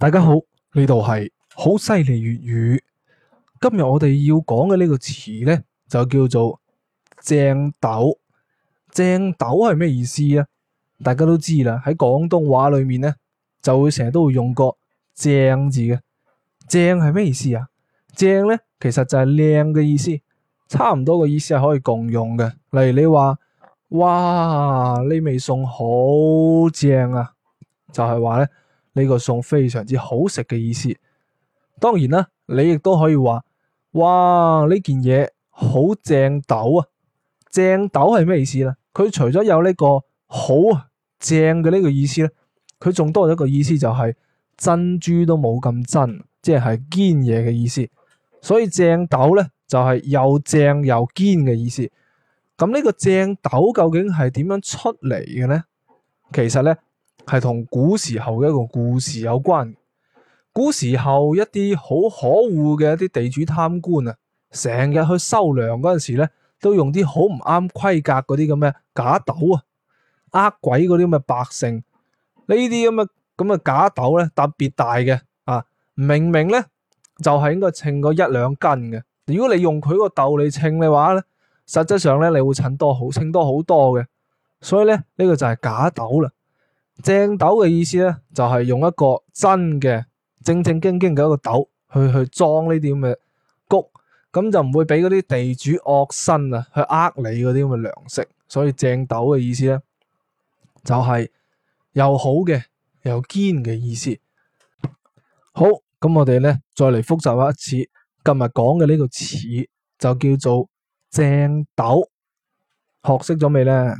大家好，呢度係好犀利粵語。今日我哋要講嘅呢個詞呢，就叫做正斗。正斗係咩意思啊？大家都知啦，喺廣東話裏面呢，就會成日都會用個正字嘅。正係咩意思啊？正呢，其實就係靚嘅意思，差唔多嘅意思係可以共用嘅。例如你話，哇呢味餸好正啊，就係話呢。呢個餸非常之好食嘅意思，當然啦，你亦都可以話：哇，呢件嘢好正斗啊！正斗係咩意思呢？佢除咗有呢個好啊正嘅呢個意思呢，佢仲多咗一個意思就係珍珠都冇咁真，即係堅嘢嘅意思。所以正斗呢，就係又正又堅嘅意思。咁呢個正斗究竟係點樣出嚟嘅呢？其實呢。係同古時候嘅一個故事有關。古時候一啲好可惡嘅一啲地主貪官啊，成日去收糧嗰陣時咧，都用啲好唔啱規格嗰啲咁嘅假斗啊，呃鬼嗰啲咁嘅百姓。呢啲咁嘅咁嘅假斗咧，特別大嘅啊，明明咧就係應該稱個一兩斤嘅，如果你用佢個斗嚟稱嘅話咧，實質上咧你會稱多好，稱多好多嘅。所以咧呢個就係假斗啦。正斗嘅意思咧，就係用一個真嘅正正經經嘅一個斗去去裝呢啲咁嘅穀，咁就唔會俾嗰啲地主惡身啊去呃你嗰啲咁嘅糧食，所以正斗嘅意思咧就係又好嘅又堅嘅意思。好，咁我哋咧再嚟復習一次今日講嘅呢個詞就叫做正斗，學識咗未咧？